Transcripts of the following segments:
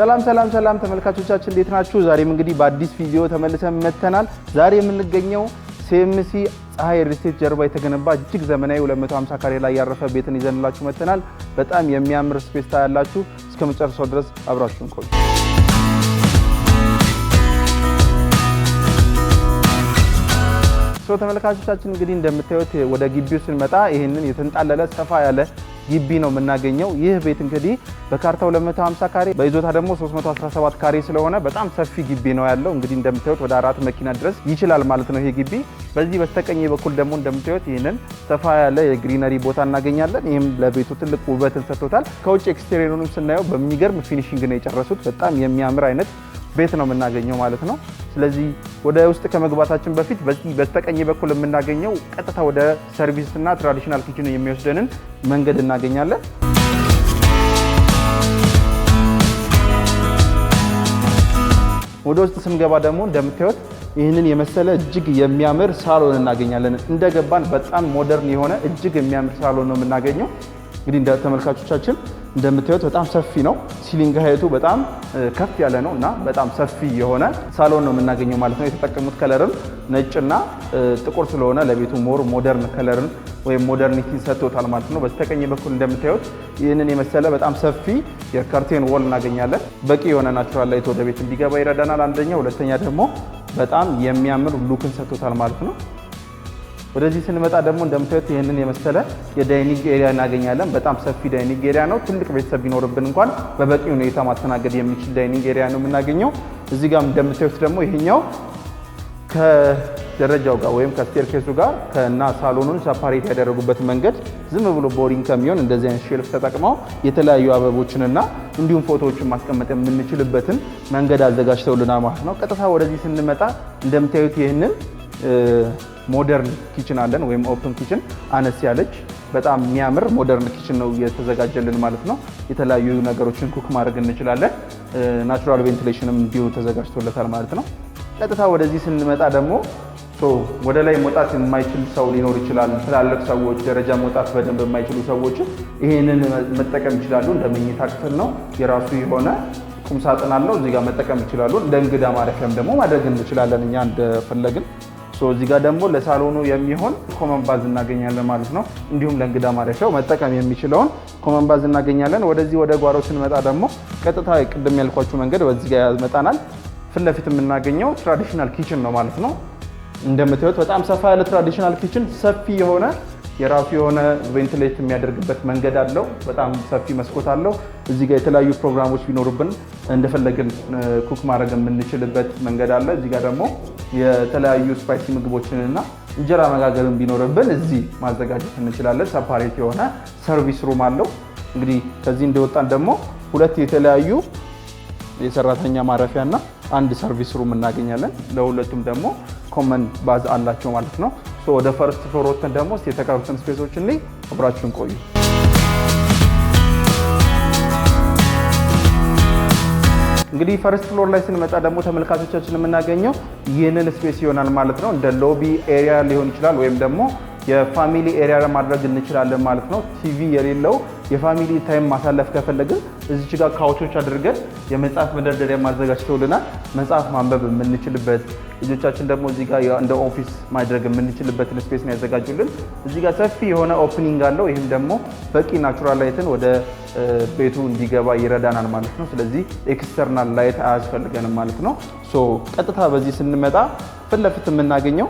ሰላም ሰላም ሰላም ተመልካቾቻችን እንዴት ናችሁ? ዛሬም እንግዲህ በአዲስ ቪዲዮ ተመልሰን መጥተናል። ዛሬ የምንገኘው ሲኤምሲ ፀሐይ ሪስቴት ጀርባ የተገነባ እጅግ ዘመናዊ 250 ካሬ ላይ ያረፈ ቤትን ይዘንላችሁ መጥተናል። በጣም የሚያምር ስፔስታ ያላችሁ እስከ መጨረሻው ድረስ አብራችሁን ቆዩ። ተመልካቾቻችን እንግዲህ እንደምታዩት ወደ ግቢው ስንመጣ ይህንን የተንጣለለ ሰፋ ያለ ግቢ ነው የምናገኘው። ይህ ቤት እንግዲህ በካርታው 250 ካሬ በይዞታ ደግሞ 317 ካሬ ስለሆነ በጣም ሰፊ ግቢ ነው ያለው። እንግዲህ እንደምታዩት ወደ አራት መኪና ድረስ ይችላል ማለት ነው ይሄ ግቢ። በዚህ በስተቀኝ በኩል ደግሞ እንደምታዩት ይህንን ሰፋ ያለ የግሪነሪ ቦታ እናገኛለን። ይህም ለቤቱ ትልቅ ውበትን ሰጥቶታል። ከውጭ ኤክስቴሪየሩንም ስናየው በሚገርም ፊኒሽንግ ነው የጨረሱት። በጣም የሚያምር አይነት ቤት ነው የምናገኘው ማለት ነው። ስለዚህ ወደ ውስጥ ከመግባታችን በፊት በዚህ በስተቀኝ በኩል የምናገኘው ቀጥታ ወደ ሰርቪስ እና ትራዲሽናል ኪችን የሚወስደንን መንገድ እናገኛለን። ወደ ውስጥ ስንገባ ደግሞ እንደምታዩት ይህንን የመሰለ እጅግ የሚያምር ሳሎን እናገኛለን። እንደገባን በጣም ሞደርን የሆነ እጅግ የሚያምር ሳሎን ነው የምናገኘው። እንግዲህ እንደ ተመልካቾቻችን እንደምታዩት በጣም ሰፊ ነው። ሲሊንግ ሀይቱ በጣም ከፍ ያለ ነው እና በጣም ሰፊ የሆነ ሳሎን ነው የምናገኘው ማለት ነው። የተጠቀሙት ከለርም ነጭና ጥቁር ስለሆነ ለቤቱ ሞር ሞደርን ከለርን ወይም ሞደርኒቲ ሰጥቶታል ማለት ነው። በስተቀኝ በኩል እንደምታዩት ይህንን የመሰለ በጣም ሰፊ የከርቴን ወል እናገኛለን። በቂ የሆነ ናቹራል ላይት ወደ ቤት እንዲገባ ይረዳናል አንደኛ፣ ሁለተኛ ደግሞ በጣም የሚያምር ሉክን ሰጥቶታል ማለት ነው። ወደዚህ ስንመጣ ደግሞ እንደምታዩት ይህንን የመሰለ የዳይኒንግ ኤሪያ እናገኛለን። በጣም ሰፊ ዳይኒንግ ኤሪያ ነው። ትልቅ ቤተሰብ ቢኖርብን እንኳን በበቂ ሁኔታ ማስተናገድ የሚችል ዳይኒንግ ኤሪያ ነው የምናገኘው። እዚህ ጋር እንደምታዩት ደግሞ ይሄኛው ከደረጃው ጋር ወይም ከስቴርኬሱ ጋር ከእና ሳሎኑን ሰፓሬት ያደረጉበት መንገድ ዝም ብሎ ቦሪንግ ከሚሆን እንደዚህ አይነት ሼልፍ ተጠቅመው የተለያዩ አበቦችንና እንዲሁም ፎቶዎችን ማስቀመጥ የምንችልበትን መንገድ አዘጋጅተውልና ማለት ነው። ቀጥታ ወደዚህ ስንመጣ እንደምታዩት ይህንን ሞደርን ኪችን አለን ወይም ኦፕን ኪችን አነስ ያለች በጣም የሚያምር ሞደርን ኪችን ነው የተዘጋጀልን ማለት ነው። የተለያዩ ነገሮችን ኩክ ማድረግ እንችላለን። ናቹራል ቬንቲሌሽንም እንዲሁ ተዘጋጅቶለታል ማለት ነው። ቀጥታ ወደዚህ ስንመጣ ደግሞ ወደ ላይ መውጣት የማይችል ሰው ሊኖር ይችላል። ትላልቅ ሰዎች ደረጃ መውጣት በደንብ የማይችሉ ሰዎች ይህንን መጠቀም ይችላሉ። እንደ መኝታ ክፍል ነው። የራሱ የሆነ ቁምሳጥን አለው። እዚጋ መጠቀም ይችላሉ። እንደ እንግዳ ማረፊያም ደግሞ ማድረግ እንችላለን እኛ እንደፈለግን እዚህ ጋር ደግሞ ለሳሎኑ የሚሆን ኮመን ባዝ እናገኛለን ማለት ነው። እንዲሁም ለእንግዳ ማረፊያው መጠቀም የሚችለውን ኮመን ባዝ እናገኛለን። ወደዚህ ወደ ጓሮ ስንመጣ ደግሞ ቀጥታ ቅድም ያልኳችሁ መንገድ በዚህ ጋር ያመጣናል። ፊት ለፊት የምናገኘው ትራዲሽናል ኪችን ነው ማለት ነው። እንደምታዩት በጣም ሰፋ ያለ ትራዲሽናል ኪችን ሰፊ የሆነ የራሱ የሆነ ቬንትሌት የሚያደርግበት መንገድ አለው። በጣም ሰፊ መስኮት አለው። እዚህ ጋር የተለያዩ ፕሮግራሞች ቢኖሩብን እንደፈለግን ኩክ ማድረግ የምንችልበት መንገድ አለ። እዚህ ጋር ደግሞ የተለያዩ ስፓይሲ ምግቦችንና እንጀራ መጋገርን ቢኖርብን እዚህ ማዘጋጀት እንችላለን። ሰፓሬት የሆነ ሰርቪስ ሩም አለው። እንግዲህ ከዚህ እንደወጣን ደግሞ ሁለት የተለያዩ የሰራተኛ ማረፊያ እና አንድ ሰርቪስ ሩም እናገኛለን። ለሁለቱም ደግሞ ኮመን ባዝ አላቸው ማለት ነው። ወደ ፈርስት ፍሎር ወጥተን ደግሞ የተቀሩትን ስፔሶች እንይ። አብራችሁን ቆዩ። እንግዲህ ፈርስት ፍሎር ላይ ስንመጣ ደግሞ ተመልካቾቻችን የምናገኘው ይህንን ስፔስ ይሆናል ማለት ነው። እንደ ሎቢ ኤሪያ ሊሆን ይችላል ወይም ደግሞ የፋሚሊ ኤሪያ ማድረግ እንችላለን ማለት ነው። ቲቪ የሌለው የፋሚሊ ታይም ማሳለፍ ከፈለግን እዚች ጋር ካውቾች አድርገን የመጽሐፍ መደርደሪያ ማዘጋጅተውልናል። መጽሐፍ ማንበብ የምንችልበት ልጆቻችን ደግሞ እዚህ ጋር እንደ ኦፊስ ማድረግ የምንችልበትን ስፔስ ነው ያዘጋጁልን። እዚህ ጋር ሰፊ የሆነ ኦፕኒንግ አለው። ይህም ደግሞ በቂ ናቹራል ላይትን ወደ ቤቱ እንዲገባ ይረዳናል ማለት ነው። ስለዚህ ኤክስተርናል ላይት አያስፈልገንም ማለት ነው። ሶ ቀጥታ በዚህ ስንመጣ ፊት ለፊት የምናገኘው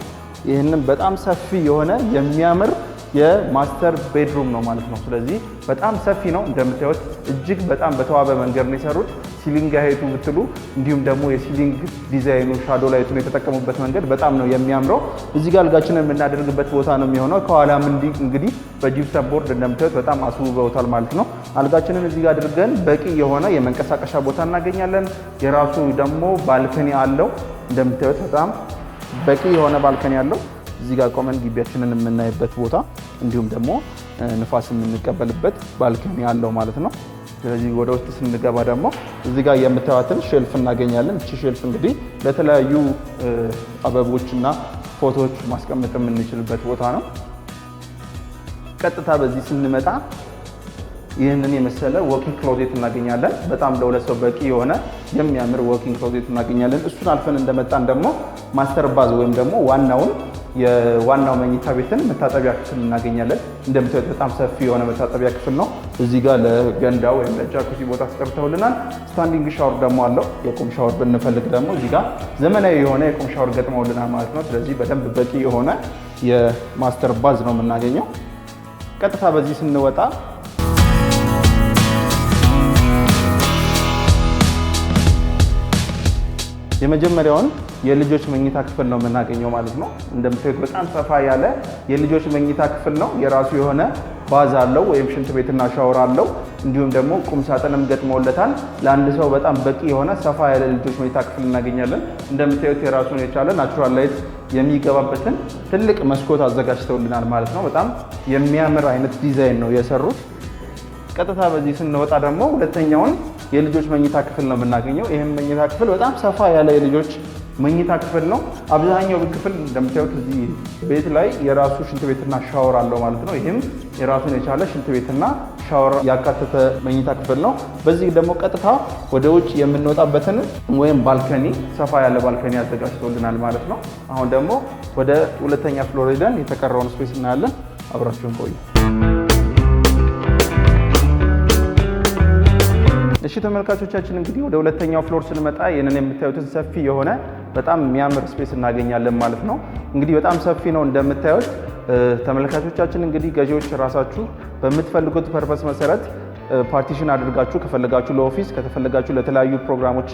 ይህንን በጣም ሰፊ የሆነ የሚያምር የማስተር ቤድሩም ነው ማለት ነው። ስለዚህ በጣም ሰፊ ነው እንደምታዩት፣ እጅግ በጣም በተዋበ መንገድ ነው የሰሩት። ሲሊንግ ያሄቱ ብትሉ እንዲሁም ደግሞ የሲሊንግ ዲዛይኑ ሻዶ ላይቱን የተጠቀሙበት መንገድ በጣም ነው የሚያምረው። እዚህ ጋር አልጋችንን የምናደርግበት ቦታ ነው የሚሆነው። ከኋላም እንግዲህ በጂፕሰም ቦርድ እንደምታዩት በጣም አስውበውታል ማለት ነው። አልጋችንን እዚህ ጋር አድርገን በቂ የሆነ የመንቀሳቀሻ ቦታ እናገኛለን። የራሱ ደግሞ ባልከኒ አለው እንደምታዩት በጣም በቂ የሆነ ባልከን ያለው እዚህ ጋር ቆመን ግቢያችንን የምናይበት ቦታ እንዲሁም ደግሞ ንፋስ የምንቀበልበት ባልከን ያለው ማለት ነው። ስለዚህ ወደ ውስጥ ስንገባ ደግሞ እዚህ ጋር የምታዩትን ሼልፍ እናገኛለን። እቺ ሼልፍ እንግዲህ ለተለያዩ አበቦችና ፎቶዎች ማስቀመጥ የምንችልበት ቦታ ነው። ቀጥታ በዚህ ስንመጣ ይህንን የመሰለ ወርኪንግ ክሎዜት እናገኛለን። በጣም ለሁለት ሰው በቂ የሆነ የሚያምር ወርኪንግ ክሎዜት እናገኛለን። እሱን አልፈን እንደመጣን ደግሞ ማስተር ባዝ ወይም ደግሞ ዋናውን የዋናው መኝታ ቤትን መታጠቢያ ክፍል እናገኛለን። እንደምታዩት በጣም ሰፊ የሆነ መታጠቢያ ክፍል ነው። እዚህ ጋር ለገንዳ ወይም ለጃኩዚ ቦታ አስቀርተውልናል። ስታንዲንግ ሻወር ደግሞ አለው። የቁም ሻወር ብንፈልግ ደግሞ እዚህ ጋር ዘመናዊ የሆነ የቁም ሻወር ገጥመውልናል ማለት ነው። ስለዚህ በደንብ በቂ የሆነ የማስተር ባዝ ነው የምናገኘው። ቀጥታ በዚህ ስንወጣ የመጀመሪያውን የልጆች መኝታ ክፍል ነው የምናገኘው ማለት ነው። እንደምታዩት በጣም ሰፋ ያለ የልጆች መኝታ ክፍል ነው። የራሱ የሆነ ባዝ አለው ወይም ሽንት ቤትና ሻወር አለው። እንዲሁም ደግሞ ቁም ሳጥንም ገጥሞለታል። ለአንድ ሰው በጣም በቂ የሆነ ሰፋ ያለ ልጆች መኝታ ክፍል እናገኛለን። እንደምታዩት የራሱን የቻለ ናቹራል ላይት የሚገባበትን ትልቅ መስኮት አዘጋጅተውልናል ማለት ነው። በጣም የሚያምር አይነት ዲዛይን ነው የሰሩት። ቀጥታ በዚህ ስንወጣ ደግሞ ሁለተኛውን የልጆች መኝታ ክፍል ነው የምናገኘው። ይህም መኝታ ክፍል በጣም ሰፋ ያለ የልጆች መኝታ ክፍል ነው። አብዛኛው ክፍል እንደምታዩት እዚህ ቤት ላይ የራሱ ሽንት ቤትና ሻወር አለው ማለት ነው። ይህም የራሱን የቻለ ሽንት ቤትና ሻወር ያካተተ መኝታ ክፍል ነው። በዚህ ደግሞ ቀጥታ ወደ ውጭ የምንወጣበትን ወይም ባልከኒ፣ ሰፋ ያለ ባልከኒ አዘጋጅቶልናል ማለት ነው። አሁን ደግሞ ወደ ሁለተኛ ፍሎር ሄደን የተቀረውን ስፔስ እናያለን። አብራችሁን ቆዩ። እሺ ተመልካቾቻችን እንግዲህ ወደ ሁለተኛው ፍሎር ስንመጣ ይህንን የምታዩትን ሰፊ የሆነ በጣም የሚያምር ስፔስ እናገኛለን ማለት ነው። እንግዲህ በጣም ሰፊ ነው እንደምታዩት ተመልካቾቻችን። እንግዲህ ገዢዎች ራሳችሁ በምትፈልጉት ፐርፐስ መሰረት ፓርቲሽን አድርጋችሁ ከፈለጋችሁ ለኦፊስ ከተፈለጋችሁ ለተለያዩ ፕሮግራሞች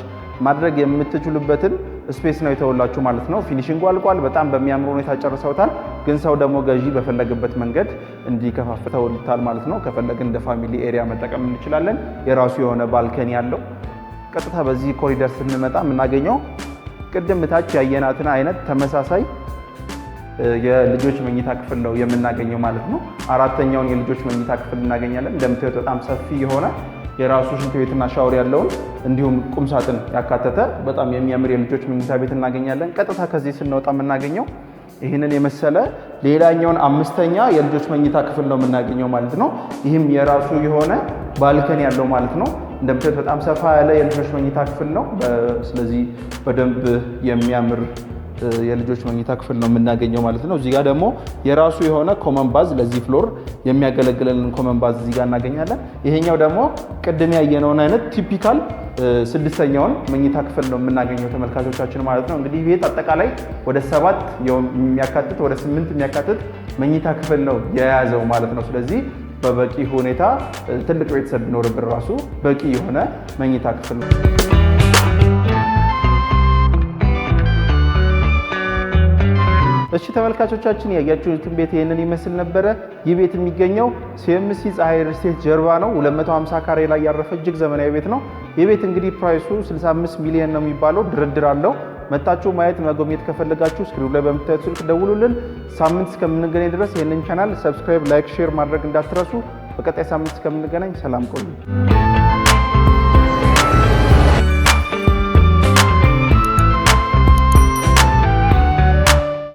ማድረግ የምትችሉበትን ስፔስ ነው የተወላችሁ ማለት ነው። ፊኒሽንጉ አልቋል። በጣም በሚያምር ሁኔታ ጨርሰውታል። ግን ሰው ደግሞ ገዢ በፈለገበት መንገድ እንዲከፋፍተውልታል ማለት ነው። ከፈለግን እንደ ፋሚሊ ኤሪያ መጠቀም እንችላለን። የራሱ የሆነ ባልከኒ ያለው ቀጥታ በዚህ ኮሪደር ስንመጣ የምናገኘው ቅድም ታች ያየናትን አይነት ተመሳሳይ የልጆች መኝታ ክፍል ነው የምናገኘው ማለት ነው። አራተኛውን የልጆች መኝታ ክፍል እናገኛለን። እንደምታዩት በጣም ሰፊ የሆነ የራሱ ሽንት ቤትና ሻወር ያለውን እንዲሁም ቁምሳጥን ያካተተ በጣም የሚያምር የልጆች መኝታ ቤት እናገኛለን። ቀጥታ ከዚህ ስንወጣ የምናገኘው ይህንን የመሰለ ሌላኛውን አምስተኛ የልጆች መኝታ ክፍል ነው የምናገኘው ማለት ነው። ይህም የራሱ የሆነ ባልከን ያለው ማለት ነው። እንደምታዩት በጣም ሰፋ ያለ የልጆች መኝታ ክፍል ነው። ስለዚህ በደንብ የሚያምር የልጆች መኝታ ክፍል ነው የምናገኘው ማለት ነው። እዚጋ ደግሞ የራሱ የሆነ ኮመን ባዝ ለዚህ ፍሎር የሚያገለግለንን ኮመን ባዝ እዚጋ እናገኛለን። ይሄኛው ደግሞ ቅድም ያየነውን አይነት ቲፒካል ስድስተኛውን መኝታ ክፍል ነው የምናገኘው ተመልካቾቻችን ማለት ነው። እንግዲህ ቤት አጠቃላይ ወደ ሰባት የሚያካትት ወደ ስምንት የሚያካትት መኝታ ክፍል ነው የያዘው ማለት ነው። ስለዚህ በበቂ ሁኔታ ትልቅ ቤተሰብ ቢኖርብን ራሱ በቂ የሆነ መኝታ ክፍል ነው። እሺ ተመልካቾቻችን ያያችሁትን ቤት ይህንን ይመስል ነበረ። ይህ ቤት የሚገኘው ሲኤምሲ ፀሐይ ሪልስቴት ጀርባ ነው። 250 ካሬ ላይ ያረፈ እጅግ ዘመናዊ ቤት ነው። ይህ ቤት እንግዲህ ፕራይሱ 65 ሚሊዮን ነው የሚባለው፣ ድርድር አለው። መታችሁ ማየት መጎብኘት ከፈለጋችሁ ስክሪኑ ላይ በምታዩት ስልክ ደውሉልን። ሳምንት እስከምንገናኝ ድረስ ይህንን ቻናል ሰብስክራይብ፣ ላይክ፣ ሼር ማድረግ እንዳትረሱ። በቀጣይ ሳምንት እስከምንገናኝ ሰላም ቆዩ።